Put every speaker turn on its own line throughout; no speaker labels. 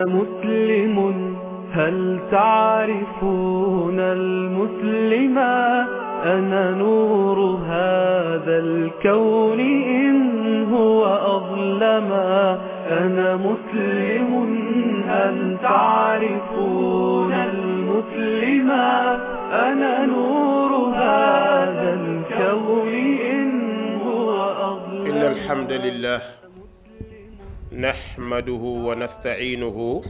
مسلم هل تعرفون المسلما أنا نور هذا الكون إن هو أظلما أنا مسلم هل تعرفون المسلما أنا نور هذا الكون إن هو أظلما إن الحمد لله نحمده ونستعينه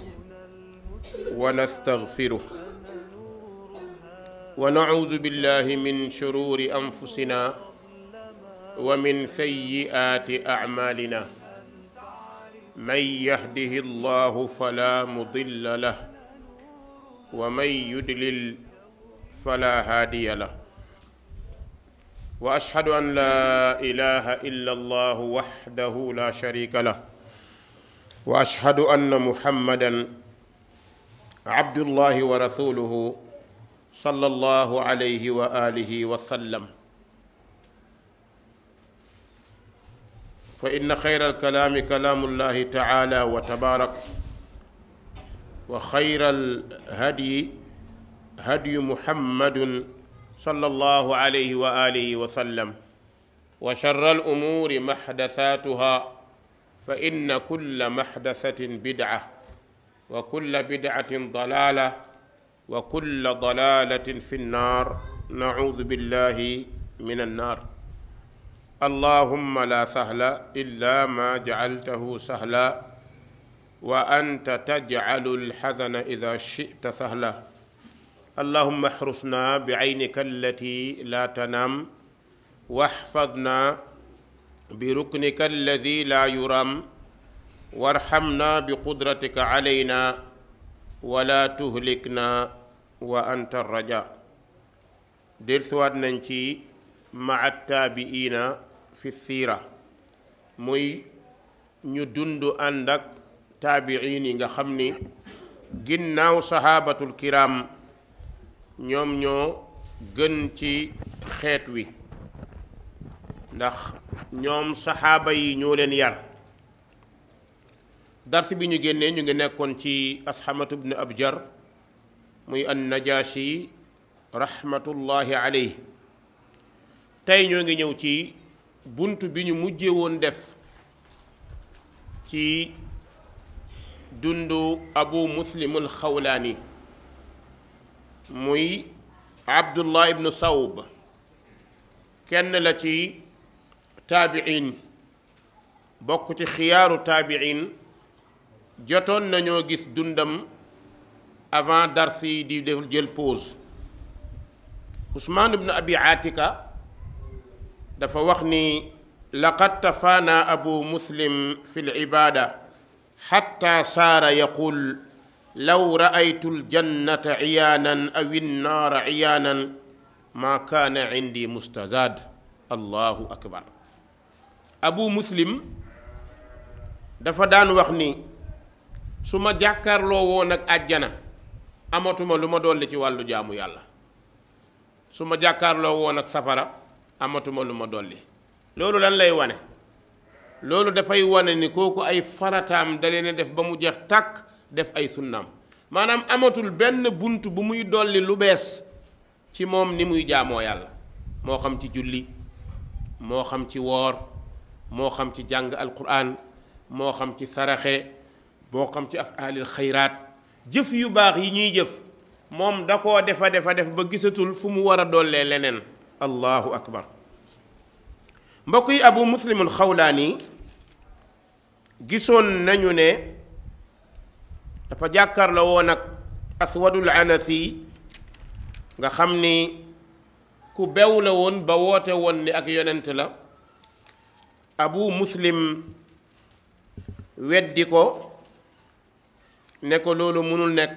ونستغفره ونعوذ بالله من شرور أنفسنا ومن سيئات أعمالنا من يهده الله فلا مضل له ومن يدلل فلا هادي له وأشهد أن لا إله إلا الله وحده لا شريك له wa ashhadu anna muhammadan abdullahi wa rasuluhu sallallahu alayhi wa alihi wa sallam fa inna xayra alkalaami kalaamu llahi taala wa tabaarak wa xayra alhadyi hadyu muhammadun sallallahu alayhi wa alihi wa sallam wa sharra al umuuri mahdasaatuha fa inna kulla maxdasatin bidaa wa kulla bidaatin dalaala wa kulla dalaalatin fi nnaar naudu billahi min annaar allahumma la sahla illa ma jacaltahu sahla wa anta tajcalu alxazana ida chita sahla allahumma axrusna bicaynika allati la tanaam waxfadna بركنك الذي لا يرام وارحمنا بقدرتك علينا ولا تهلكنا وأنت الرجاء dellusiwaat nañ ci maa taabiina fi siira muy ñu dund ànd ak taabiin nga xam ni ginnaaw saxaabatul kiraam ñoom ñoo gën ci xeet wi ndax ñoom saxaaba yi ñoo leen yar dars bi ñu génnee ñu ngi nekkoon ci asxamatu ibnu abjar muy an najashi rahmatullahi alayhi tey ñoo ngi ñëw ci bunt bi ñu mujje woon def ci dundu abu muslimul xawlaani muy abdullah ibnu sawb kenn la ci taabiin bokk ci xiyaaru taabiin jotoon nañoo gis dundam avant dars yi di def jël pause Usmaan Abi Aatika dafa wax ni laqad tafaana abu muslim fi libaada xatta akbar abu muslim dafa daan wax ni su ma jàkkaarloo woon ak àjjana amatuma lu ma dolli ci wàllu jaamu yàlla su ma jàkkarloo woon ak safara amatuma lu ma dolli loolu lan lay wane loolu dafay wane ni kooku ay farataam da leen def ba mu jeex tàkk def ay sunnaam maanaam amatul benn bunt bu muy dolli lu bees ci moom ni muy jaamoo yàlla moo xam ci julli moo xam ci woor moo xam ci jàng alquran moo xam ci saraxe boo xam ci afaalil xayraat jëf yu baax yi ñuy jëf moom da koo defa defa def ba gisatul fu mu war a dollee leneen allahu akbar mbokk yi abu muslimul xawlaani gisoon nañu ne dafa jàkkaarloo woon ak aswadul anasi nga xam ni ku bew la woon ba woote woon ni ak yonent la abu muslim weddi ko ne ko loolu mënul nekk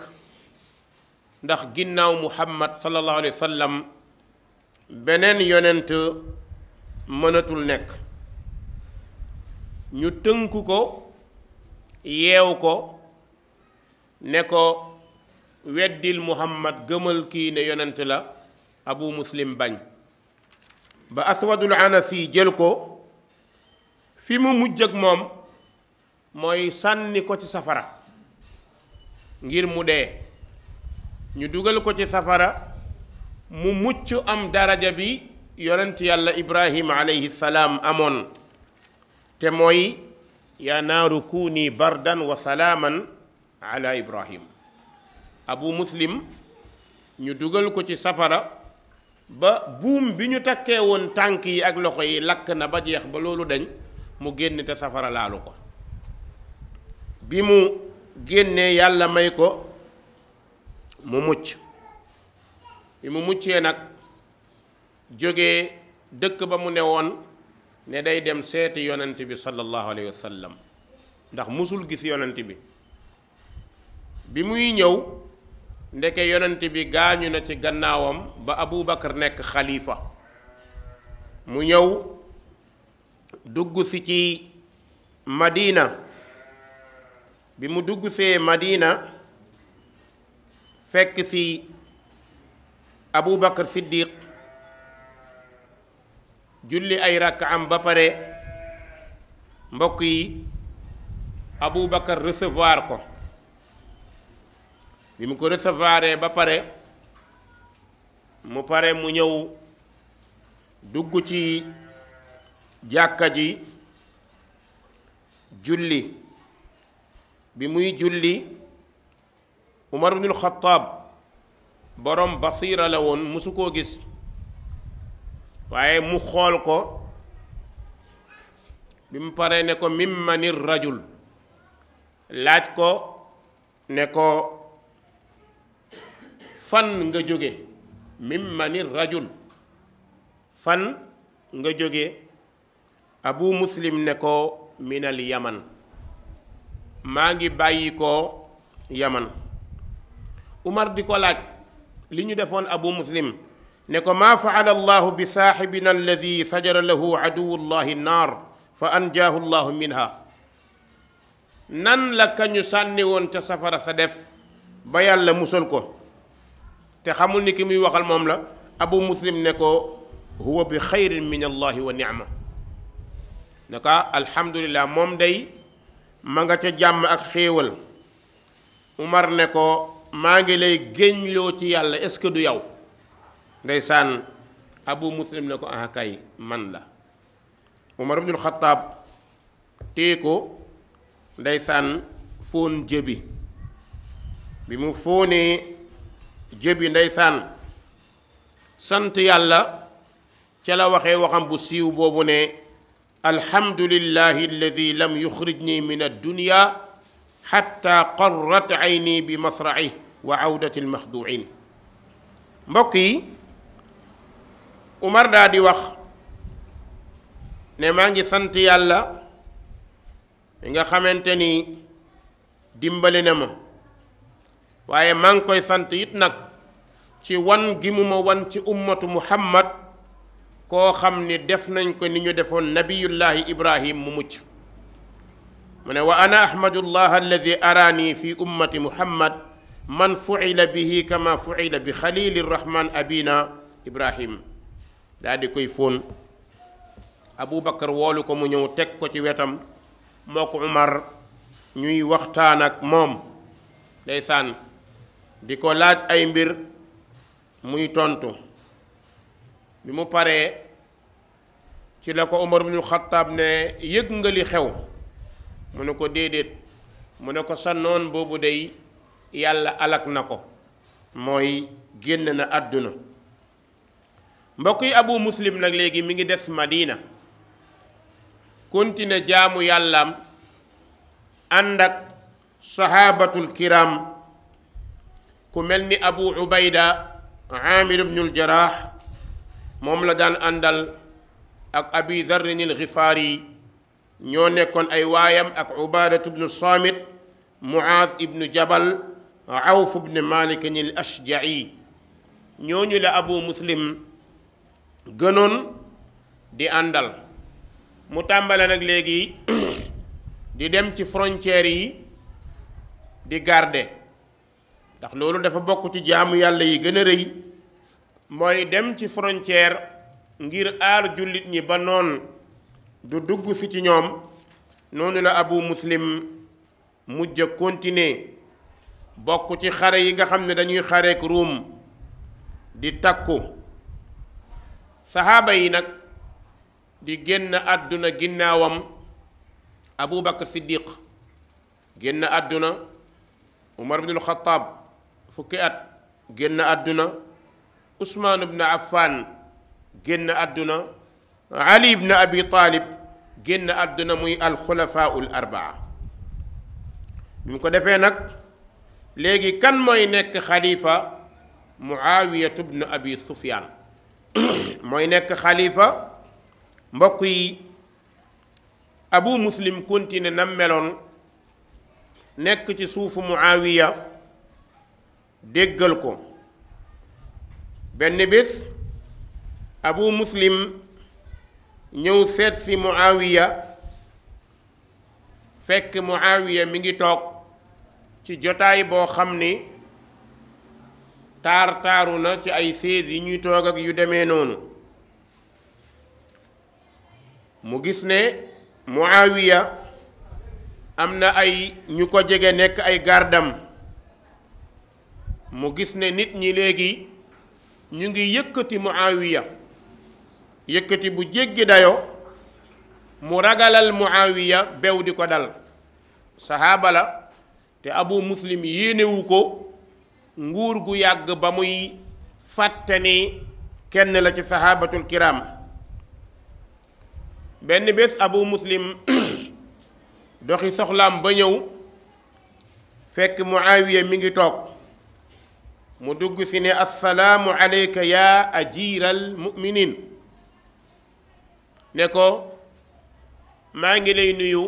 ndax ginnaaw muhammad sallallahu alayhi wa beneen yonent mënatul nekk ñu tënku ko yeew ko ne ko weddil muhammad gëmal kii ne yonent la abu muslim bañ ba aswadul anasi jël ko fi mu mujj ak moom mooy sànni ko ci safara ngir mu dee ñu dugal ko ci safara mu mucc am daraja bi yonent yàlla ibrahima alayhi salaam amoon te mooy yaa naaru kuuni bardan wa salaaman ala ibrahim abu muslim ñu dugal ko ci safara ba buum bi ñu takkee woon tànk yi ak loxo yi lakk na ba jeex ba loolu dañ mu génn te safara laalu ko bi mu génnee yàlla may ko mu mucc bi mu muccee nag jóge dëkk ba mu ne woon ne day dem seeti yonent bi sallallahu alayhi wa sallam ndax musul gis yonent bi bi muy ñëw ndeke yonent bi gaañu na ci gannaawam ba Aboubacar nekk xalifa mu ñëw dugg si ci Madina bi mu dugg see Madina fekk abu Aboubacar Siddiq julli ay rakk am ba pare mbokk yi abu Aboubacar recevoir ko bi mu ko recevoir ba pare mu pare mu ñëw dugg ci. jàkka ji julli bi muy julli Umar ibnul Xattaab borom basiira la woon mësu koo gis waaye mu xool ko bi mu paree ne ko mimmanir rajul laaj ko ne ko fan nga jóge mimmanir rajul fan nga jóge abu muslim ne ko minal yaman maa ngi bàyyi ko yaman umar di ko laaj li ñu defoon abu muslim ne ko maa faala allahu bi saaxibina alladi sajara lahu aduwullahi naar fa anjaahu llahu minha nan la kañu sànni woon ca safara sa def ba yàlla musal ko te xamul ni ki muy waxal moom la abu muslim ne ko huwa bi xayrin min allahi wa nicma ne ko ah, moom day ma nga ca jàmm ak xéewal Umar ne ko maa ngi lay géñloo ci yàlla est-ce que du yow ndeysaan Abu Muslim ne ko ah kay man la Umar ibnul Xattaab téye ko ndeysaan fóon jëbi bi mu fóonee jëbi ndeysaan sant yàlla ca la waxee waxam bu siiw boobu ne alhamdulillahi alladi lam yuxrijni min addunia xatta qarrat ayni bi masrai wa awdati almaxduin mbokk yi Umar daa di wax ne maa ngi sant yàlla mi nga xamante ni dimbali na ma waaye maa ngi koy sant it nag ci wan gi mu ma wan ci ummatu muhammad koo xam ni def nañ ko ni ñu defoon nabiyullahi ibrahim mu mucc mu ne wa ana ahmadullah alladi araani fi ummati muhammad man fuila bihi kama fuila bi xalili rahman abina ibrahim daal koy fóon aboubacar woolu ko mu ñëw teg ko ci wetam moo ko umar ñuy waxtaan ak moom ndeysaan di ko laaj ay mbir muy tontu bi mu paree ci la ko Omar ibnu Xattaab ne yëg nga li xew mu ne ko déedéet mu ne ko sa noon boobu day yàlla alak na ko mooy génn na àdduna mbokk yi abu muslim nag léegi mi ngi des madina kontine jaamu yàllaam ànd ak saxaabatul kiram ku mel ni abu ubayda amir ibnul jaraax moom la daan àndal ak abi darrin ñoo nekkoon ay waayam ak ubaadatu bnu saamit muaaz ibnu jabal awf bnu malikin il ashja'i ñooñu la abu muslim gënoon di àndal mu tàmbale nag léegi di dem ci frontières yi di garde ndax loolu dafa bokk ci jaamu yàlla yi gën a rëy mooy dem ci frontière ngir aar jullit ñi ba noon du dugg si ci ñoom noonu la abu muslim mujj a bokk ci xare yi nga xam ne dañuy xareek ruum di takku saxaaba yi nag di génn àdduna ginnaawam abu bakar siddiq génn àdduna umar ibnul xataab fukki at génn àdduna Ousmane ibn Affan génn àdduna Ali ibn Abi Talib génn àdduna muy alxulafaul arbaa bi mu ko defee nag léegi kan mooy nekk xalifa Muawiyatu ibn Abi Sufyaan mooy nekk xalifa mbokk yi abu muslim continue nam meloon nekk ci suufu Muawiya déggal ko benn bés abu muslim ñëw seet si muawiya fekk muawiya mi ngi toog ci jotaay boo xam ni taar taaru na ci ay sées yi ñuy toog yu demee noonu mu gis ne muawiya am na ay ñu ko jege nekk ay gardam mu gis ne nit ñi léegi ñu ngi yëkkati muawiya yëkkati bu jéggi dayo mu ragalal muawiya bew di ko dal saxaaba la te abu muslim yéenewu ko nguur gu yàgg ba muy fàtte kenn la ci saxaabatul kiram benn bés abu muslim doxi soxlaam ba ñëw fekk muawiya mi ngi toog mu dugg si ne assalaamu aleyka yaa ajiiral muminin ne ko maa ngi lay nuyu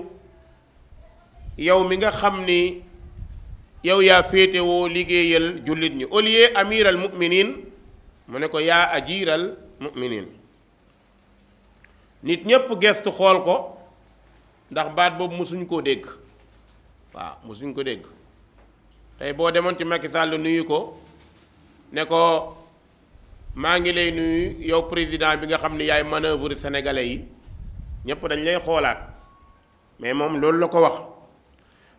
yow mi nga xam ni yow yaa féetewoo liggéeyal jullit ñi au lieu amiral muminin mu ne ko yaa ajiiral muminin nit ñépp gestu xool ko ndax baat boobu mosuñ koo dégg waaw mosuñ ko dégg tey boo demoon ci Macky Sall nuyu ko ne ko maa ngi lay nuyu yow président bi nga xam ni yaay manœuvre sénégalais yi ñépp dañ lay xoolaat mais moom loolu la ko wax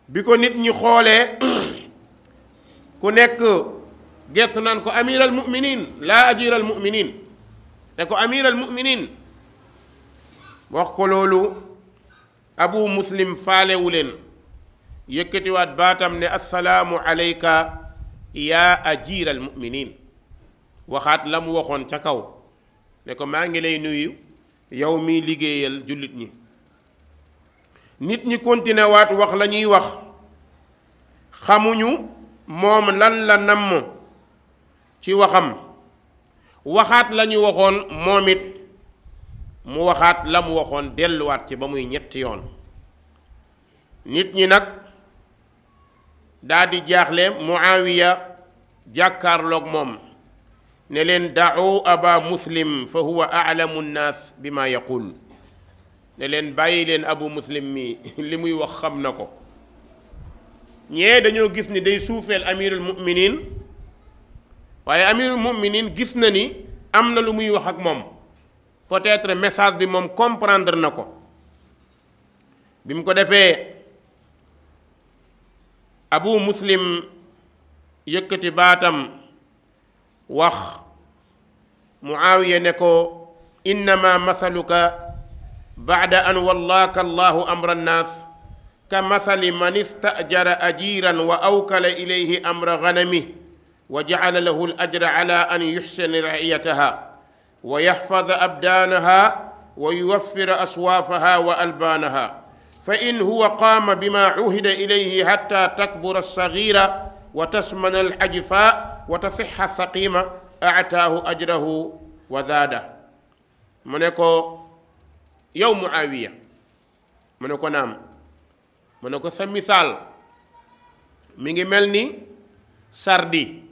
bi ko nit ñi xoolee ku nekk gerte naan ko amiral muminin laa ajiral muminin ne ko amiral muminin wax ko loolu abu muslim faalewu leen yëkkatiwaat baatam ne assalaamu aleyka yaa ajiiral muminin waxaat la mu waxoon ca kaw ne ko maa ngi lay nuyu yow mii liggéeyal jullit ñi nit ñi continué waat wax lañuy wax xamuñu moom lan la namm ci waxam waxaat la waxoon moom mu waxaat la mu waxoon delluwaat ci ba muy ñetti yoon nit ñi nag daa di jaaxle muawiya jàkkaarlook moom ne leen da'u aba muslim fa huwa a'lamu nnaas bi ma yaqul ne leen bàyyi leen abu muslim mi li muy wax xam na ko ñee dañoo gis ni day suufeel amirul muminin waaye amirul muminin gis na ni am na lu muy wax ak moom peut-être message bi moom comprendre na ko bi mu ko defee abu muslim yëkkati baatam wax muawiya ne ko innama masaluka baada an wallaaka allahu amra nnaas ka masali man istajara ajiiran wa awkala ilayhi amra ganami wa jacala lahu alajra ala an yuxsina raciyataha wa yaxfada abdaanaha wa yuwaffira aswaafaha wa albaanaha fa in huwa qaama bima uhida ilayhi hatta takbura alsagira wa tasmana alajfa wa tasixa saqima aataahu ajrahu wa zaada mu ne ko yow mu muawiya mu ne ko naam mu ne ko sa misaal mi ngi mel ni sardi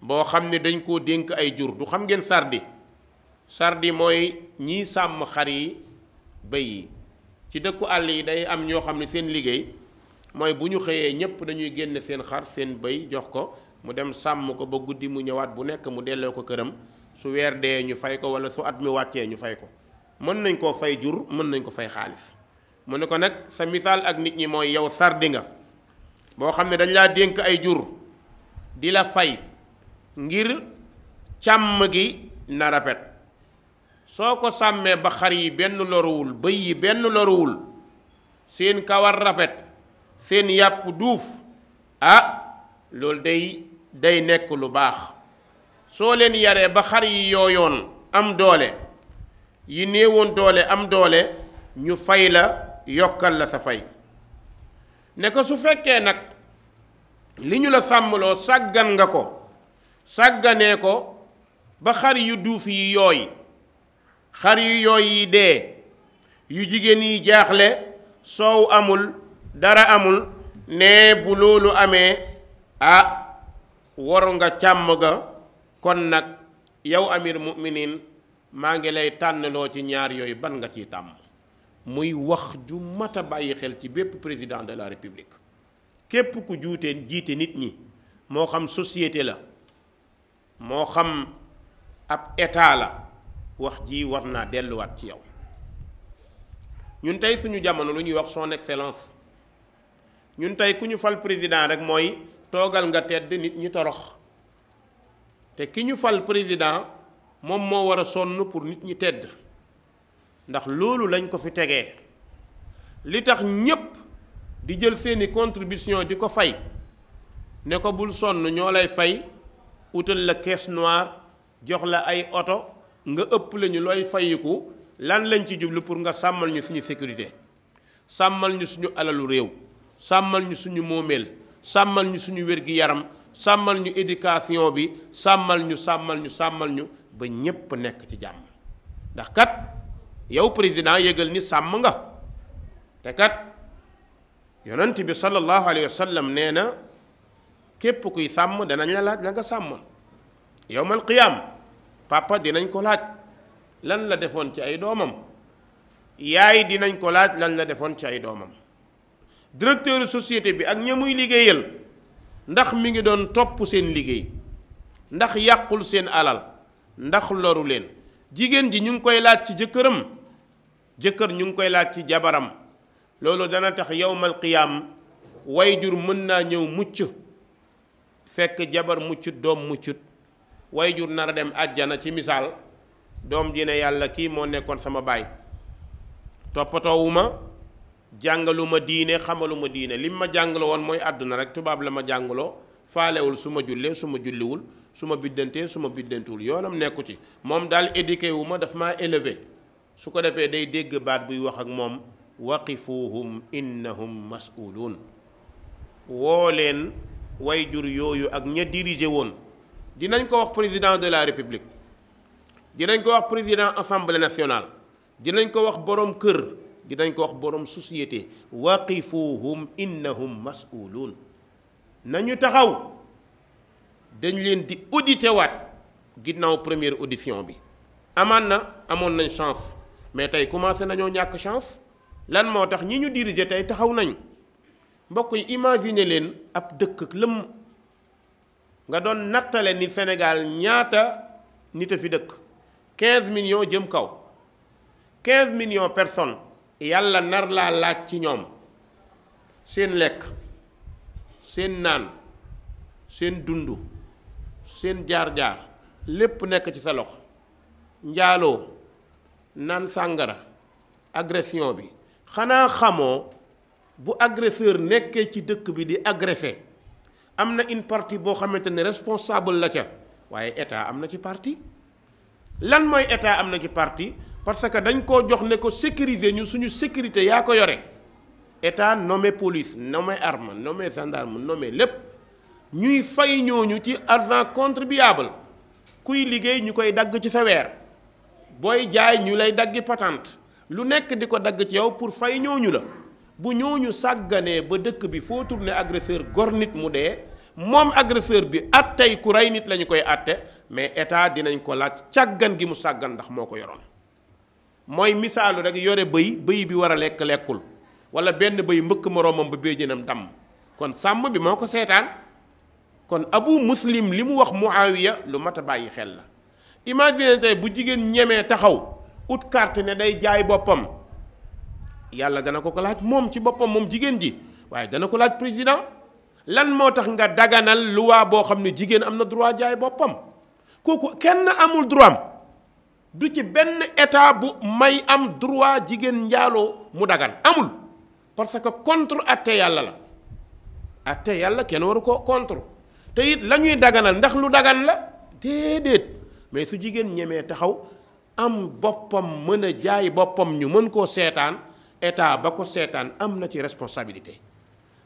boo xam ne dañ koo dénk ay jur du xam ngeen sardi sardi mooy ñii sàmm xar yi bëy ci dëkku àll yi day am ñoo xam ne seen liggéey mooy bu ñu xëyee ñépp dañuy génn seen xar seen bëy jox ko mu dem sàmm ko ba guddi mu ñëwaat bu nekk mu delloo ko këram su weer dee ñu fay ko wala su at mi wàccee ñu fay ko mën nañ koo fay jur mën nañ ko fay xaalis mu ne ko nag sa misaal ak nit ñi mooy yow sardi nga boo xam ne dañ laa dénk ay jur di la fay ngir càmm gi na rafet soo ko sàmmee ba xar yi benn loruwul bëy yi benn loruwul seen kawar rabet seen yàpp duuf a ah, loolu day day nekk lu baax soo leen yaree ba xar yi yooyoon am doole yi néewoon doole am doole ñu fay la yokkal la sa fay ne ko su fekkee nag li ñu la sàmmloo sàggan nga ko sàgganee ko ba xar yu duuf yi yooy xar yu yooy yi dee yu jigéen yi jaaxle soow amul dara amul ne bu loolu amee ah waru nga càmm ga kon nag yow amir mu'minin maa ngi lay tànnaloo ci ñaar yooyu ban nga ciy tàmm muy wax ju mat a bàyyi xel ci bépp président de la république képp ku juute jiite nit ñi moo xam societé la moo xam ab état la wax ji war naa delluwaat ci yow ñun tey suñu jamono lu ñuy wax son excellence ñun tey ku ñu fal président rek mooy toogal nga tedd nit ñi torox te ki ñu fal président moom moo war a sonn pour nit ñi tedd ndax loolu lañ ko fi tegee li tax ñépp di jël seeni contribution di ko fay ne ko bul sonn ñoo lay fay wutal la caisse noire jox la ay oto nga ëpp lañu looy fayiku lan lañ ci jublu pour nga sàmmal ñu suñu sécurité sàmmal ñu suñu alalu réew sàmmal ñu suñu moomeel sàmmal ñu suñu wér-gi-yaram sàmmal ñu éducation bi sàmmal ñu sàmmal ñu sàmmal ñu ba ñépp nekk ci jàmm ndax kat yow président yëgal ni sàmm nga te kat yonent bi sallallahu alayhi wa sallam nee na képp kuy sàmm danañ la laaj nga sàmmoon yowmal qiyaam papa dinañ ko laaj lan la defoon ci ay doomam yaay dinañ ko laaj lan la defoon ci ay doomam directeur société bi ak ña liggéeyal ndax mi ngi doon topp seen liggéey ndax yàqul seen alal ndax loru leen jigéen ji ñu ngi koy laaj ci jëkkëram jëkkër ñu ngi koy laaj ci jabaram loolu dana tax yowmal qiyaam way jur mën naa ñëw mucc fekk jabar muccut doom muccut way jur nar a dem àjjana ci misaal doom ji ne yàlla kii moo nekkoon sama baay toppatoowuma jàngaluma diine xamaluma diine lim ma jàngaloo woon mooy àdduna rek tubaab la ma jàngaloo faalewul su ma jullee su ma julliwul su ma biddantee su ma biddantuwul yoonam nekku ci moom daal éduqué wu ma daf maa élevé su ko defee day dégg baat buy wax ak moom waqifuuhum innahum mas'uluun woo leen way jur yooyu ak ña dirigé woon dinañ ko wax président de la république dinañ ko wax président assemblée nationale dinañ ko wax borom kër dinañ ko wax borom société waqifuhum innahum mas'uluun nañu taxaw dañ leen di auditer waat ginnaaw première audition bi amaan na amoon nañ chance mais tey commencé nañoo ñàkk chance lan moo tax ñi ñu diriger tey taxaw nañ mbokk yi imaginer leen ab dëkk lëmm nga doon nattale ni senegaal ñaata nit a fi dëkk 15 millions jëm kaw 15 million personne yàlla nar laa laaj ci ñoom seen lekk seen naan seen dund seen jaar-jaar lépp nekk ci sa loxo njaaloo naan sàngara agression bi xanaa xamoo bu agresseur nekkee ci dëkk bi di agressé am na une partie boo xamante ne responsable la ca waaye état am na ci partie lan mooy état am na ci partie parce que dañ koo jox ne ko sécuriser ñu suñu sécurité yaa ko yore état nommé police nommé arme nommé gendarme nommé lépp ñuy fay ñooñu ci argent contribuable kuy liggéey ñu koy dagg ci sa booy jaay ñu lay daggi patante lu nekk di ko dagg ci yow pour fay ñooñu la bu ñu sàgganee ba dëkk bi foo tourné agresseur gor nit mu dee moom agresseur bi at attey ku rey nit la koy atte mais état dinañ ko laaj sàggan gi mu sàggan ndax moo ko yoroon mooy misaalu rek yore bëy bëy bi war a lekk lekkul wala benn bëy mbëkk moroomam ba béjjénam dàmm kon sàmm bi moo ko seetaan kon abu muslim li mu wax mu muawiya lu mat a bàyyi xel la imagine tey bu jigéen ñemee taxaw ut carte ne day jaay boppam yàlla dana ko ko laaj moom ci boppam moom jigéen ji waaye dana ko laaj président lan moo tax nga daganal luwaa boo xam ne jigéen am na droit jaay boppam kooku kenn amul droit am du ci benn état bu may am droit jigéen njaaloo mu dagan amul parce que contre atte yàlla la atte yàlla kenn waru ko contre te it la ñuy daganal ndax lu dagan la déedéet mais su jigéen ñemee taxaw am boppam mën a jaay boppam ñu mën koo seetaan état ba ko seetaan am na ci responsabilité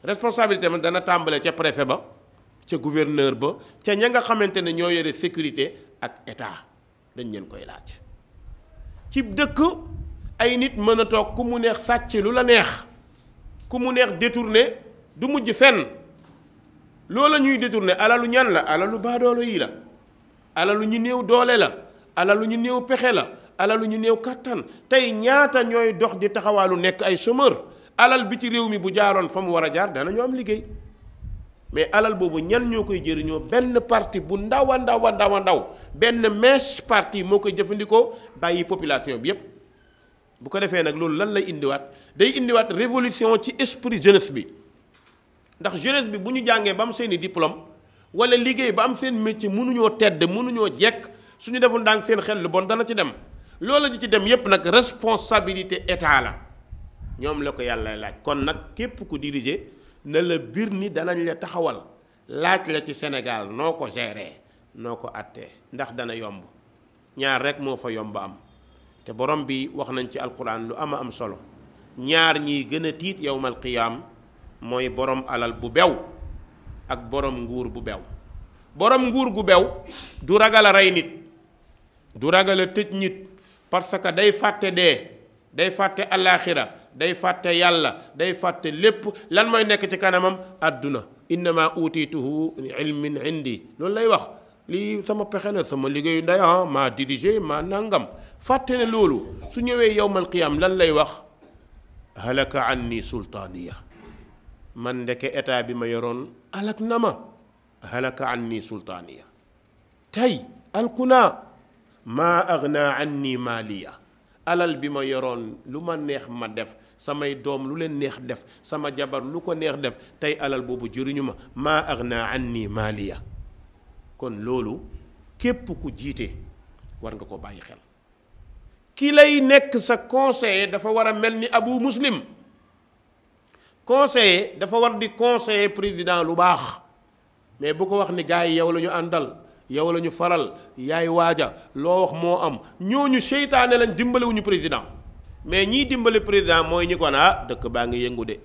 responsabilité ma dana tàmbalee ca préfet ba ca gouverneur ba ca ña nga xamante ne ñoo yore sécurité ak état dañ leen koy laaj ci dëkk ay nit mën a toog ku mu neex sàcc lu la neex ku mu neex détourné du mujj fenn loola ñuy détourné alalu ñan la alalu baadoolo yi la alalu ñu néew doole la alalu ñu néew pexe la alalu ñu néew kàttan tey ñaata ñooy dox di taxawaalu nekk ay chômeur alal bi ci réew mi bu jaaroon fa mu war a jaar danañu am liggéey mais alal boobu ñan ñoo koy jëriñoo benn parti bu ndawa a ndaw a ndaw a ndaw benn mèche parti moo koy jëfandikoo bàyyi population bi yépp bu ko defee nag loolu lan lay indiwaat day indiwaat révolution ci esprit jeunesse bi ndax jeunesse bi bu ñu jàngee ba am seeni diplôme wala liggéey ba am seen métier mënuñoo tedd mënuñoo jekk su ñu deful ndànk seen xel lu bon dana ci dem loolu loola ji ci dem yépp nag responsabilité état la ñoom la ko yàlla laaj kon nag képp ku diriger na la biir ni danañ la taxawal laaj la ci senegaal noo ko gérer noo ko àttee ndax dana yomb ñaar rek moo fa yomb am te borom bi wax nañ ci alquran lu ama am solo ñaar ñiy gën a tiit yowmal qiyaam mooy borom alal bu bew ak boroom nguur bu bew borom nguur gu bew du ragal a rey nit du ragal a tëj nit parce que day fàtte dee day fàtte alaaxira day fàtte yàlla day fàtte lépp lan mooy nekk ci kanamam àdduna innama utiituhu ilmin indi loolu lay wax lii sama pexe la sama liggéeyu nday ah maa dirigé maa nangam fàtte ne loolu su ñëwee yowmal qiyaam lan lay wax halaka anni sultaaniya man ndeke état bi ma yoroon alak na ma halaka anni sultaaniya tey alku naa maa agna anni maaliya alal bi ma yoroon lu ma neex ma def samay doom lu leen neex def sama jabar lu ko neex def tey alal boobu jëriñu ma maa agna anni maaliya kon loolu képp ku jiite war nga ko bàyyi xel ki lay nekk sa conseiller dafa war a mel ni abu muslim conseiller dafa war di conseiller président lu baax mais bu ko wax ni gars yi yow la ñu àndal yow la ñu faral yaay waaja loo wax moo am ñooñu seytaane lañ dimbaliwuñu président mais ñiy dimbale président mooy ñi ko naa ah, dëkk baa ngi yëngu de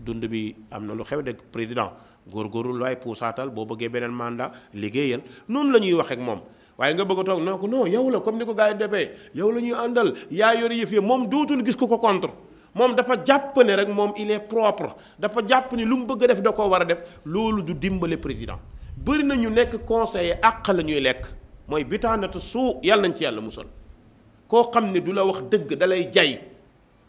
dund bi am na lu xew de président góor góorul góorgóorlu waay puusaatal boo bëggee beneen mandat liggéeyal noonu la ñuy wax ak moom waaye nga bëgg a toog non ko non yow la comme ni ko gars yi defee yow la ñuy àndal yaa yor yëf moom dootul gis ku ko contre moom dafa jàpp ne rek moom il est propre dafa jàpp ni lu mu bëgg a def da koo war a def loolu du dimbale président bëri na ñu nekk conseiller àq la ñuy lekk mooy bitaanatu suu yàlla nañ ci yàlla musal koo xam ne du la wax dëgg dalay jay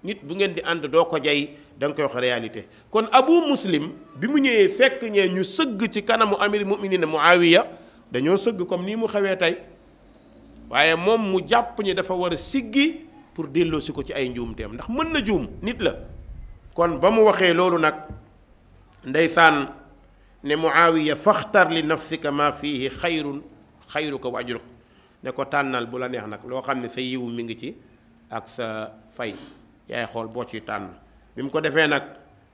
nit bu ngeen di ànd doo ko jay danga koy wax réalité kon abu muslim bi mu ñëwee fekk ñee ñu sëgg ci kanamu amir muminina muawiya dañoo sëgg comme nii mu xewee tey waaye moom mu jàpp ñi dafa war a siggi pour delloosi ko ci ay njuumteem ndax mën na juum nit la kon ba mu waxee loolu nag ndeysaan ne muawiya faxtarli li nafsika ma fihi xayrun xayruka wa ajruk ne ko tànnal bu la neex nag loo xam ne sa yiw mi ngi ci ak sa fay yaay xool boo ci tànn bi mu ko defee nag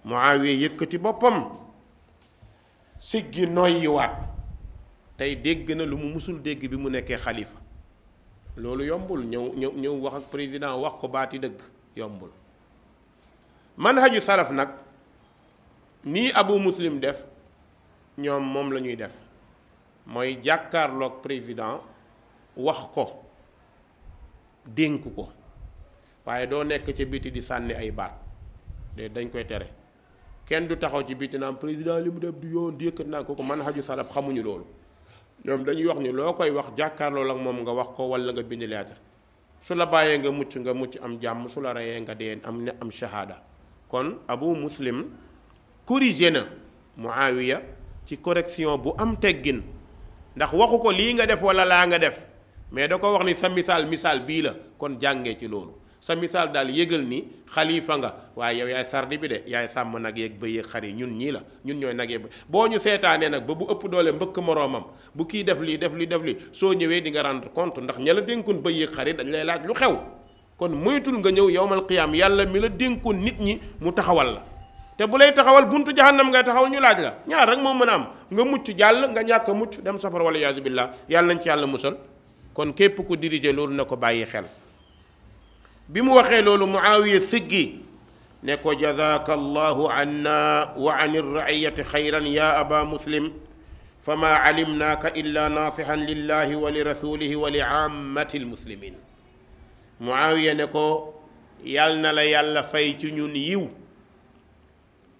Muawiya yëkkati boppam siggi noyyiwaat tey dégg na lu mu musul dégg bi mu nekkee xalifa loolu yombul ñëw ñëw wax ak président wax ko baati dëgg yombul manhaju salaf nag nii abu muslim def ñoom moom la ñuy def mooy jàkkaarlook président wax ko dénk ko waaye doo nekk ca biti di sànni ay baat de dañ koy tere kenn du taxaw ci biti naan président li mu def du yoon di yëkkat naa ko ko man xaju salaf xamuñu loolu ñoom dañuy wax ni loo koy wax jàkkaarloo ak moom nga wax ko walla nga bind lettre su la bàyyee nga mucc nga mucc am jàmm su la reyee nga dee am ne am shahada kon abu muslim corrigé na muawiya ci correction bu am teggin ndax waxu ko lii nga def wala laa nga def mais da ko wax ni sa misaal misaal bii la kon jàngee ci loolu sa misaal daal yëgal ni xalifa nga waaye yow yaay sardi bi de yaay sàmm nag yeeg bëy yeeg xar yi ñun ñii la ñun ñooy nag yeeg boo ñu seetaanee nag ba bu ëpp doole mbëkk moroomam bu kii def lii def lii def lii soo ñëwee di nga rendre compte ndax ña la dénkoon bëy yeeg xar dañ lay laaj lu xew kon moytul nga ñëw yowmal qiyaam yàlla mi la dénkoon nit ñi mu taxawal la te bu lay taxawal buntu jahannam ngay taxawal ñu laaj la ñaar rek moo mën a am nga mucc jàll nga ñàkk a mucc dem safar wala yaasu billah yàlla nañ ci yàlla musal kon képp ko diriger loolu na ko bàyyi xel bi mu waxee loolu muawiya siggi ne ko jazaaka allahu anna wa an irraiyati xayran ya aba muslim fama alimnaaka illa naasixan lillahi wa li rasulihi wa li ammati almuslimin muawiya ne ko yal na la yàlla fay ci ñun yiw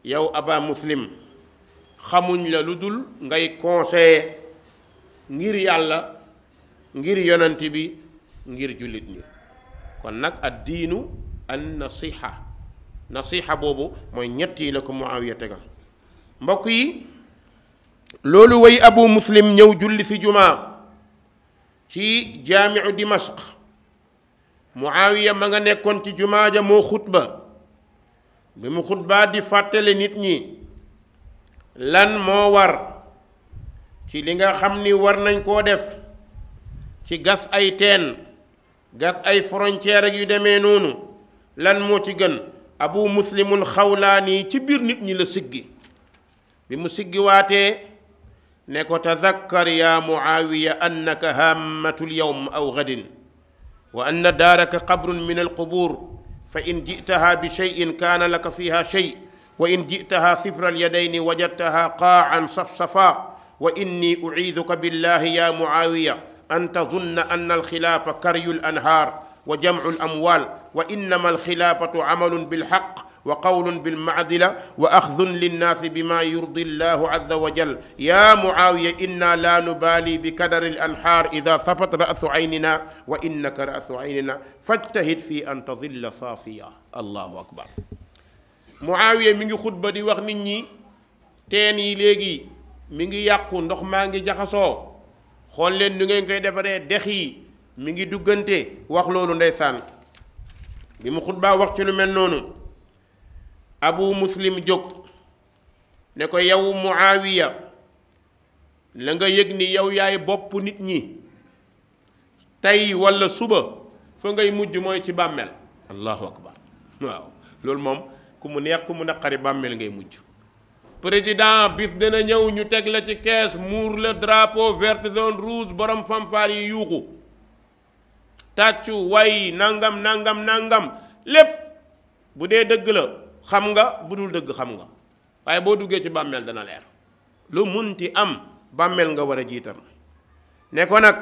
yow aba muslim xamuñ la lu dul ngay conseiller ngir yàlla ngir yonent bi ngir jullit ñi kon nag ad diinu an nasiha nasiha boobu mooy ñett la ko Muawiya tegal mbokk yi loolu way abu muslim ñëw julli si jumaa ci jaamiu dimashq Muawiya ma nga nekkoon ci jumaa ja moo xutba bi mu xutbaa di fàttale nit ñi lan moo war ci li nga xam ni war nañ koo def ci gas ay teen gas ay frontière ak yu demee noonu lan moo ci gën abu muslimul xawlaani ci biir nit ñi la siggi bi mu siggi waatee ne ko tazakkar ya muaawiya annaka hammatul yawm aw gadin wa anna daaraka qabrun min alqubuur fa in jitaha bi cheyin kaana laka fiha chey wa in jitaha sifra alyadayni wajadtaha qaan safsafa wa inni uciiduka billahi ya muaawiya an tazunna anna alxilaafa karyul anhaar wa jamcu alamwaal wa innama alxilaafatu camalun bilxaq wa qawlun bilmacdila wa axdun linnaasi bima yurdi allahu azza wa jal yaa mucaawiya inna laa nubaali bi kadari alanhaar ida safat rasu caynina wa innaka rasu caynina fajtahid fi an tadilla saafiya allahu akbar mucaawiya mi ngi xutba di wax nit ñi teen yi léegi mi ngi yàqu ndox maa ngi jaxasoo xool leen nu ngeen koy defaree dex yi mi ngi duggante wax loolu ndeysaan bi mu xutbaa wax ci lu mel noonu abu muslim jóg ne ko yow muawiya la nga yëg ni yow yaay bopp nit ñi tey walla suba fa ngay mujj mooy ci bàmmeel allahu akbar waaw loolu moom ku mu neex ku mu naqari bàmmeel ngay mujj président bis dina ñëw ñu teg la ci kees muur la drapeau vert jaune rouge borom fanfare yi yuuxu tàccu way nangam nangam nangam lépp bu dee dëgg la xam nga bu dul dëgg xam nga waaye boo duggee ci bàmmeel dana leer lu munti am bàmmeel nga war a jiitam ne ko nag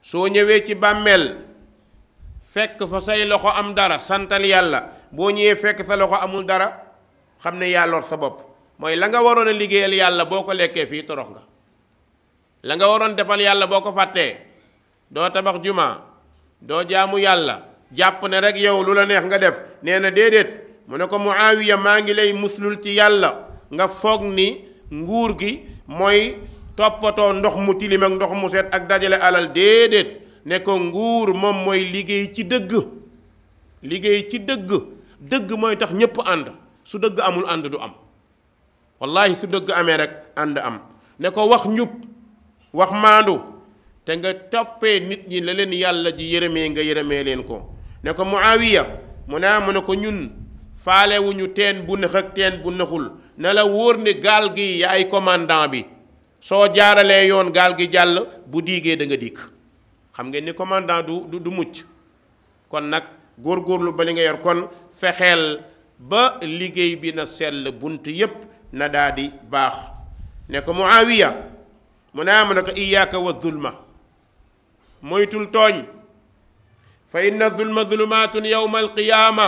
soo ñëwee ci bàmmeel fekk fa say loxo am dara santal yàlla boo ñëwee fekk sa loxo amul dara xam ne yàlla sa bopp mooy la nga waroon a liggéeyal yàlla boo ko lekkee fii torox nga la nga waroon defal yàlla boo ko fàttee doo tabax juma doo jaamu yàlla jàpp ne rek yow lu la neex nga def nee na déedéet mu ne ko mu Muawiya maa ngi lay muslul ci yàlla nga foog ni nguur gi mooy toppatoo ndox mu tilim ak ndox mu set ak dajale alal déedéet ne ko nguur moom mooy liggéey ci dëgg liggéey ci dëgg dëgg mooy tax ñépp ànd su dëgg amul ànd du am wallahi su dëgg amee rek ànd am ne ko wax njub wax maandu te nga toppee nit ñi la leen yàlla ji yërëmee nga yërëmee leen ko ne ko mu muawiya mu ne mu ne ko ñun faalewuñu teen bu nëx ak teen bu nëxul ne la wóor ne gaal gi yaay komandan bi soo jaaralee yoon gaal gi jàll bu diigee danga dikk xam ngeen ni commandant du du mucc kon nag góor ba li nga yor kon fexeel ba liggéey bi na sell bunt yépp na daa baax ne ko mu muawiya mu ne am na ko iyaaka zulma moytul tooñ fa na zulma zulumaatun yowma alqiyaama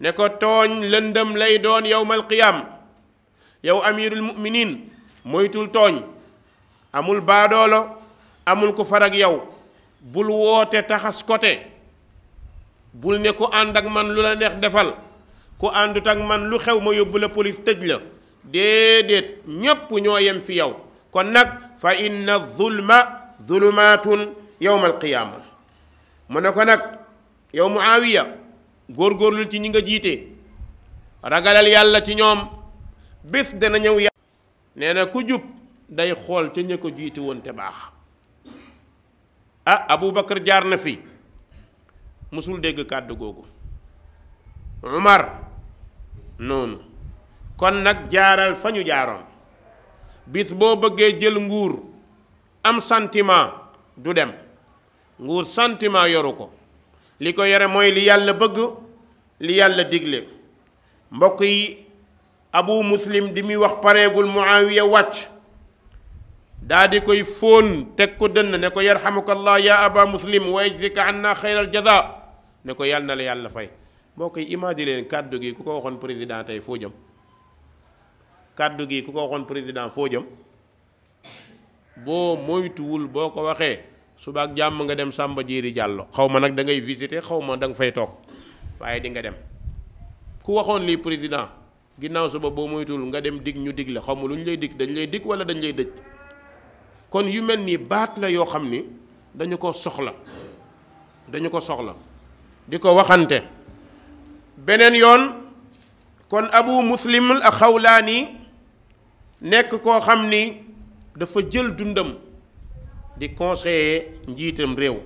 ne ko tooñ lëndëm lay doon yowma alqiyaam yow amirul muminin moytul tooñ amul baadoolo amul ku farag yow bul woote taxas kote bul ne ko ànd ak man lu la neex defal ku àndut ak man lu xew ma yóbbu la police tëj la déedéet ñépp ñoo yem fi yow kon nag fa inna zulma zulumaatun yowma alqiyaama mu ne ko nag yow mu góor góorgóorlul ci ñi nga jiite ragalal yàlla ci ñoom bés dana ñëw yàlla nee na ku jub day xool ca ña ko jiitu woon te baax ah abubakar jaar na fi musul dégg kàddu googu umar noonu kon nag jaaral fa ñu jaaroon bis boo bëggee jël nguur am santiment du dem nguur santiment yoru ko li ko yore mooy li yàlla bëgg li yàlla digle mbokk yi abu muslim di muy wax pareegul muawiya wàcc daa di koy fóon teg ko dënn ne ko ko yarhamukallah ya aba muslim wa yajzika anna xayral jaza ne ko yàlla na la yàlla fay moo koy imagine leen kàddu gi ku ko waxoon président tey foo jëm kàddu gi ku ko waxoon président foo jëm boo moytuwul boo ko waxee suba ak jàmm nga dem sàmba Diéry Diallo xaw ma nag da ngay visiter xaw ma da nga fay toog waaye di nga dem ku waxoon lii président ginnaaw suba boo moytuwul nga dem digg ñu dig la xaw ma lu ñu lay digg dañu lay dig wala dañ lay dëj kon yu mel nii baat la yoo xam ni dañu ko soxla dañu ko soxla di ko waxante beneen yoon kon abu muslim al xawlaani nekk koo xam ni dafa jël dundam di conseiller njiitam réew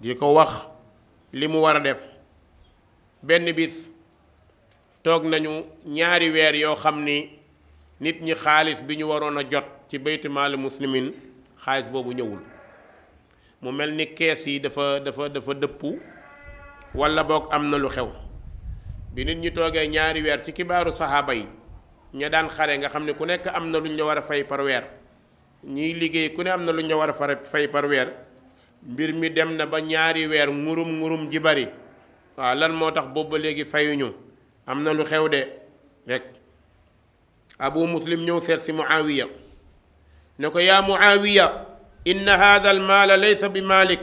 di ko wax li mu war a def benn bis toog nañu ñaari weer yoo xam ni nit ñi xaalis bi ñu waroon a jot ci baytu muslimin xaalis boobu ñëwul mu mel ni kees yi dafa dafa dafa dëppu walla boog am na lu xew bi nit ñi toogee ñaari weer ci kibaaru saxaaba yi ña daan xare nga xam ne ku nekk am na lu ñu war a fay par weer ñiy liggéey ku ne am na lu ñu war a fay par weer mbir mi dem na ba ñaari weer ngurum ngurum ji bari waaw lan moo tax boobu ba léegi fayuñu am na lu xew de rek abu muslim ñëw seet si muawiya ne ko yaa muawiya inna hada al maala laysa bi maalik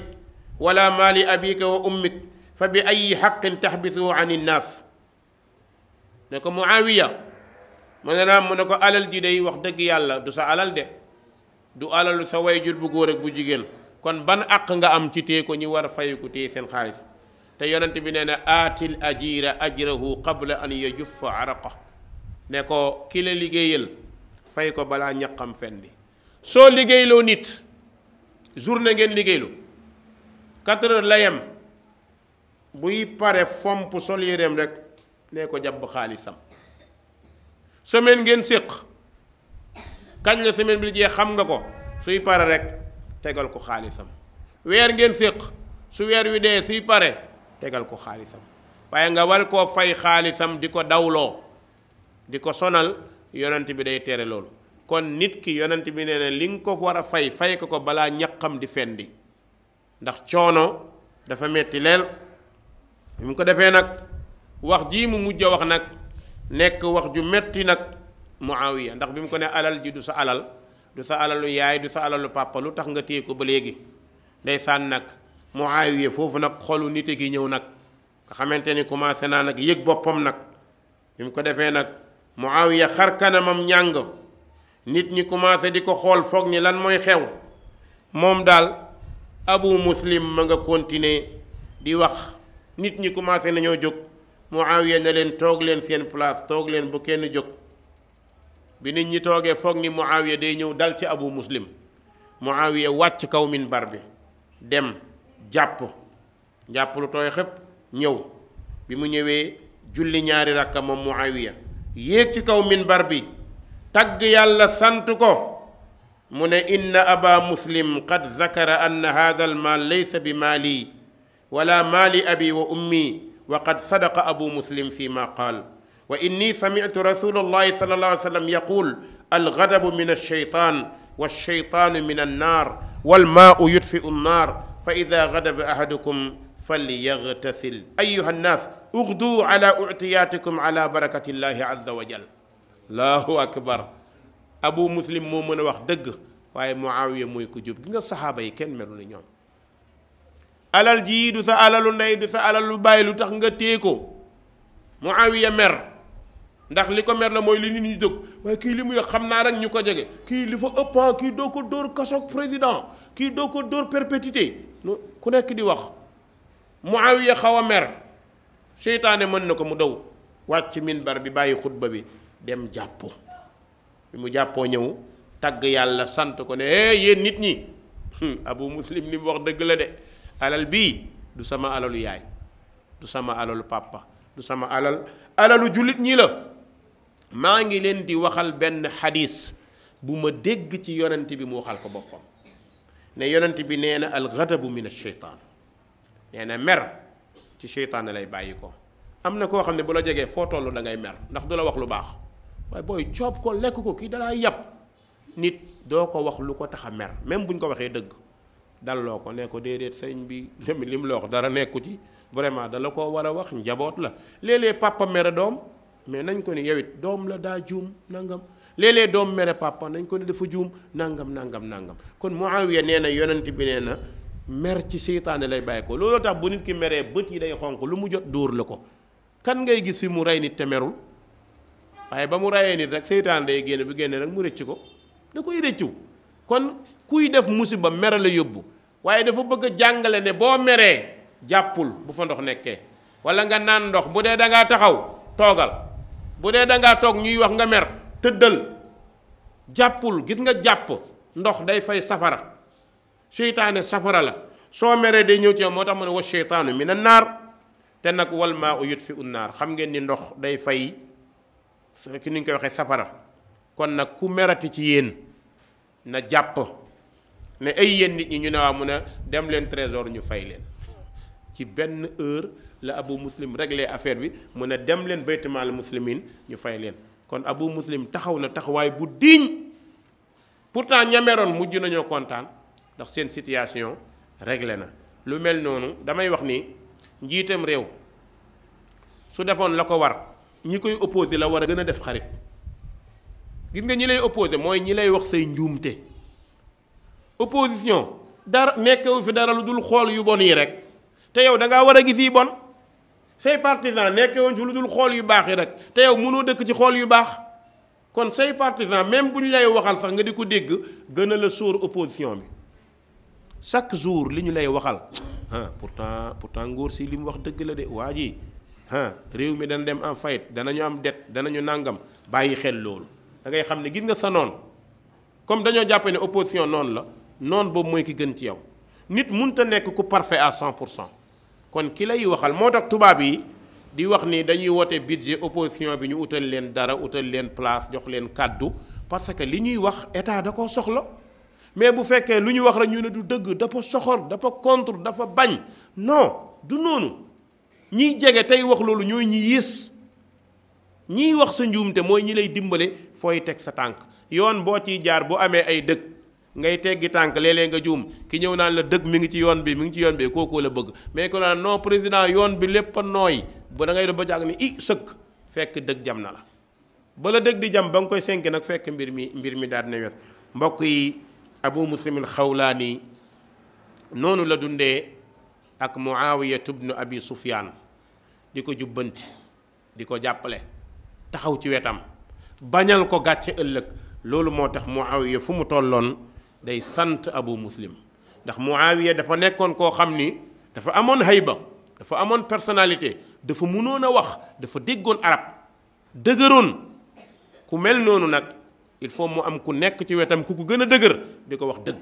wala maali abika wa ummik fa bi ay xaqin taxbisu an innaas ne ko mu muawiya mu ne naam mu ne ko alal ji day wax dëgg yàlla du sa alal de du alalu sa wayjur bu góor ak bu jigéen kon ban àq nga am ci téye ko ñu war a fay ko seen xaalis te yonent bi nee na aatil ajira ajrahu qabla an yajuffa araqa ne ko ki la liggéeyal fay ko balaa ñaqam bi soo liggéeyloo nit jour journée ngeen liggéeylu 4 heures la yem buy pare fomp sol yéreem rek nee ko jàpp xaalisam semaine ngeen séq kañ la semaine bi jee xam nga ko suy pare rek tegal ko xaalisam weer ngeen séq su weer wi dee suy pare tegal ko xaalisam waaye nga war koo fay xaalisam di ko dawloo di ko sonal yonant bi day tere loolu kon nit ki yonant bi nee na li nga ko war a fay fay ko ko balaa ñaqam di fen fendi ndax coono dafa metti leel bi mu ko defee nag wax jii mu mujj a wax nag nekk wax ju metti nag Muawiya ndax bi mu ko ne alal ji du sa alal du sa alalu yaay du sa alalu papa lu tax nga téye ko ba léegi ndeysaan nag Muawiya foofu nag xolu nit gi ñëw nag nga xamante ni commencé naa nag yëg boppam nag bi mu ko defee nag mu Muawiya xar kanamam ñàng nit ñi commencé di ko xool foog ni lan mooy xew moom daal abu muslim ma nga continuer di wax nit ñi commencé nañoo jóg Muawiya na leen toog leen seen place toog leen bu kenn jóg bi nit ñi toogee foog ni Muawiya day ñëw dal ci abu muslim Muawiya wàcc kaw min bar bi dem jàpp jàpp lu tooy xëpp ñëw bi mu ñëwee julli ñaari rakka moom Muawiya yéeg ci kaw min bar bi tagg yàlla sant ko mu ne inna aba muslim qad zakara anna hadha maal laysa bi maali wala maali abi wa ummi wa qad sadaqa abu muslim fi ma qaal wa inni sami'tu rasulallahi sallallahu alayhi wa sallam yaqul alghadabu min alsheytaan walsheytaanu min annaar walmaau yutfiu annaar fa ida gadaba ahadukum falyagtasil ayuha nnaas uxdu ala utiyaatikum ala barakati llahi azza wa jal allahu akbar abu muslim moo mën a wax dëgg waaye muawiya mooy ko jub gi nga saxaaba yi kenn melu ni ñoom alal jii du sa alalu ndey du sa alalu bàyyi lu tax nga téye ko Muawiya mer ndax li ko mer la mooy li nit ñi jóg waaye kii li mu yëg xam naa rek ñu ko jege kii li fa ëppan ah, kii doo ko dóor kasoog président kii doo ko dóor perpétuité ku nekk di wax Muawiya xaw a mer seytaane mën na ko mu daw wàcc bar bi bàyyi xutba bi dem jàpp bi mu jàppoo ñëw tagg yàlla sant ko ne eh yéen nit ñi abu muslim li mu wax dëgg la de alal bii du sama alalu yaay du sama alalu pàppa du sama alal alalu jullit ñi la maa ngi leen di waxal benn xadiis bu ma dégg ci yonent bi mu waxal ko boppam ne yonent bi nee na al ghadabu min ash-shaytaan nee na mer ci seytaane lay bàyyi ko am na koo xam ne bu la jegee foo tollu da ngay mer ndax du la wax lu baax waaye booy coob ko lekk ko kii dalaa yàpp nit doo ko wax lu ko taxa a mer même bu ñu ko waxee dëgg dalloo ko ne ko déedéet sëñ bi tamit lim la wax dara nekku ci vraiment dala ko war a wax njaboot la léeg-léeg mere doom mais nañ ko ni yowit doom la daa juum nangam léeg doom mere papa nañ ko ni dafa juum nangam nangam nangam kon Muawiya nee na yonent bi nee na mer ci seytaane lay bàyyi ko loolu tax bu nit ki meree bët yi day xonq lu mu jot dóor la ko kan ngay gis fi mu rey nit te merul waaye ba mu reyee nit rek seytaane day génn bu génne rek mu rëcc ko da koy rëccu kon kuy def musiba mere la yóbbu waaye dafa bëgg a jàngale ne boo meree jàppul bu fa ndox nekkee wala nga naan ndox bu dee da ngaa taxaw toogal bu dee dangaa toog ñuy wax nga mer tëddal jàppul gis nga jàpp ndox day fay safara seytaane safara la soo meree day ñëw ci moo tax mu ne wa mi mina naar te nag wal maa u yutfiu naar xam ngeen ni ndox day fay ki ni ñu koy waxee safara kon nag ku merati ci yéen na jàpp ne ay yéen nit ñi ñu ne waa mu ne dem leen trésor ñu fay leen ci benn heure la abu muslim réglé affaire bi mu ne demleen leen baytimaal muslimin ñu fay leen kon abu muslim taxaw na taxawaay bu diiñ pourtant ñameroon mujj nañoo kontaan ndax seen situation regle na lu mel noonu damay wax ni njiitam réew su defoon la ko war ñi koy opposé la war a gën a def xarit gis nga ñi lay opposé mooy ñi lay wax say njuumte opposition dara nekkewu fi dara lu dul xool yu bon yi rek te yow da war a gis yi bon say partisan nekkewoon fi lu dul xool yu baax yi rek te yow mënoo dëkk ci xool yu baax kon say partisan même bu ñu lay waxal sax nga di ko dégg gën a la sóor opposition bi chaque jour li ñu lay waxal ah pourtant pourtant ngóor si li mu wax dëgg la de waa ji ah réew mi dana dem en faillite danañu am dette danañu nàngam bàyyi xel loolu da ngay xam ne gis nga sa noon comme dañoo jàpp ne opposition noonu la noonu boobu mooy ki gën ci yow nit mënut a nekk ku parfait à cent pour cent kon ki lay waxal moo tax tubaab yi di wax nii dañuy woote budget opposition bi ñu utal leen dara utal leen place jox leen kàddu parce que li ñuy wax état da ko soxla mais bu fekkee lu ñu wax rek ñu ne du dëgg dafa soxor dafa contre dafa bañ non du noonu ñiy jege tey wax loolu ñooy ñi yées ñiy wax sa njuumte mooy ñi lay dimbale fooy teg sa tànk yoon boo ciy jaar bu amee ay dëkk. ngay teggi tànk léeg-léeg nga juum ki ñëw naan la dëgg mi ngi ci yoon bi mu ngi ci yoon bi kookoo la bëgg mais ko naan non président yoon bi lépp a ba da ngay ba jàng ni i sëkk fekk dëgg jam na la bala dëgg di jam ba nga koy senk nag fekk mbir mi mbir mi daal dina wes mbokk yi abu muslimil nii noonu la dundee ak muawiya tubnu abi sufyaan di ko jubbanti di ko jàppale taxaw ci wetam bañal ko gàcce ëllëg loolu moo tax muawiya fu mu tolloon day sant abu muslim ndax muawiya dafa nekkoon koo xam ni dafa amoon hayba dafa amoon personalité dafa mënoon a wax dafa déggoon arab dëgëroon ku mel noonu nag il faut mu am ku nekk ci wetam ku ko gën a dëgër di ko wax dëgg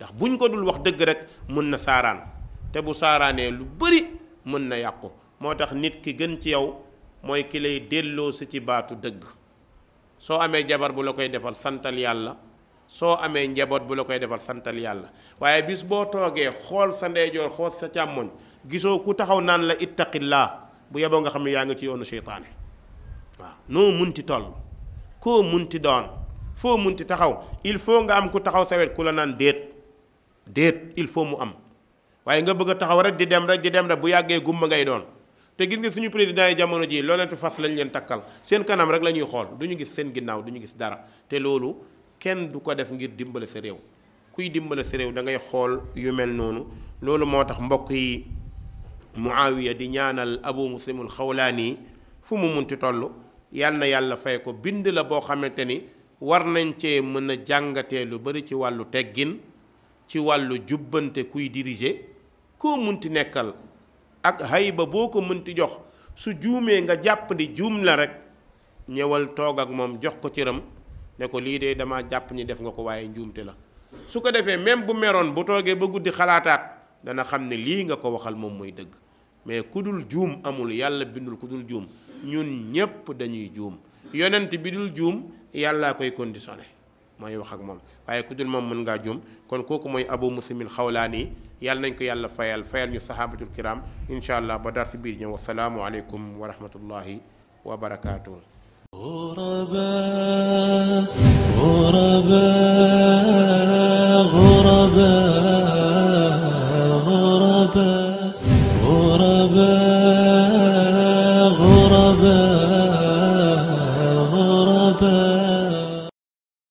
ndax buñ ko dul wax dëgg rek mën na saaraan te bu saaraanee lu bëri mën na yàqu moo tax nit ki gën ci yow mooy ki lay delloo si ci baatu dëgg soo amee jabar bu la koy defal santal yàlla soo amee njaboot bu la koy defal santal yàlla waaye bis boo toogee xool sa ndeyjoor xool sa càmmoñ gisoo ku taxaw naan la it laa bu yeboo nga xam ne yaa ngi ci yoonu seytaane waaw noo munti toll koo munti doon foo mun ti taxaw il faut nga am ku taxaw sawet ku la naan déet déet il faut mu am waaye nga bëgg a taxaw rek di dem rek di dem rek bu yàggee gumba ngay doon te gis nga suñu président yi jamono jii loolentu fas lañ leen takkal seen kanam rek la ñuy xool du ñu gis seen ginnaaw du gis dara loolu kenn du ko def ngir dimbale sa réew kuy dimbale sa réew da ngay xool yu mel noonu loolu moo tax mbokk yi mu muawiya di ñaanal abu muslimul xawlaani fu mu munti toll yal yàlla fay ko bind la boo xamante ni war nañ cee mën a jàngatee lu bari ci wàllu teggin ci wàllu jubbante kuy diriger koo munti nekkal ak hayba boo ko munti jox su juumee nga jàpp juum la rek ñëwal toog ak moom jox ko cëram ne ko lii de damaa jàpp ni def nga ko waaye njuumte la su ko defee même bu meroon bu toogee ba guddi xalaataat dana xam ne lii nga ko waxal moom mooy dëgg mais ku dul juum amul yàlla bindul ku dul juum ñun ñépp dañuy juum yonent bi dul juum yàllaa koy conditionné mooy wax ak moom waaye ku dul moom mën ngaa juum kon kooku mooy abu muslimin xawlaani yàlla nañ ko yàlla fayal fayal ñu sahabatul kiram incha allah ba dar si biir ñëw wasalaamu aleykum wa rahmatullahi wa barakaatu. غرباء غرباء غرباء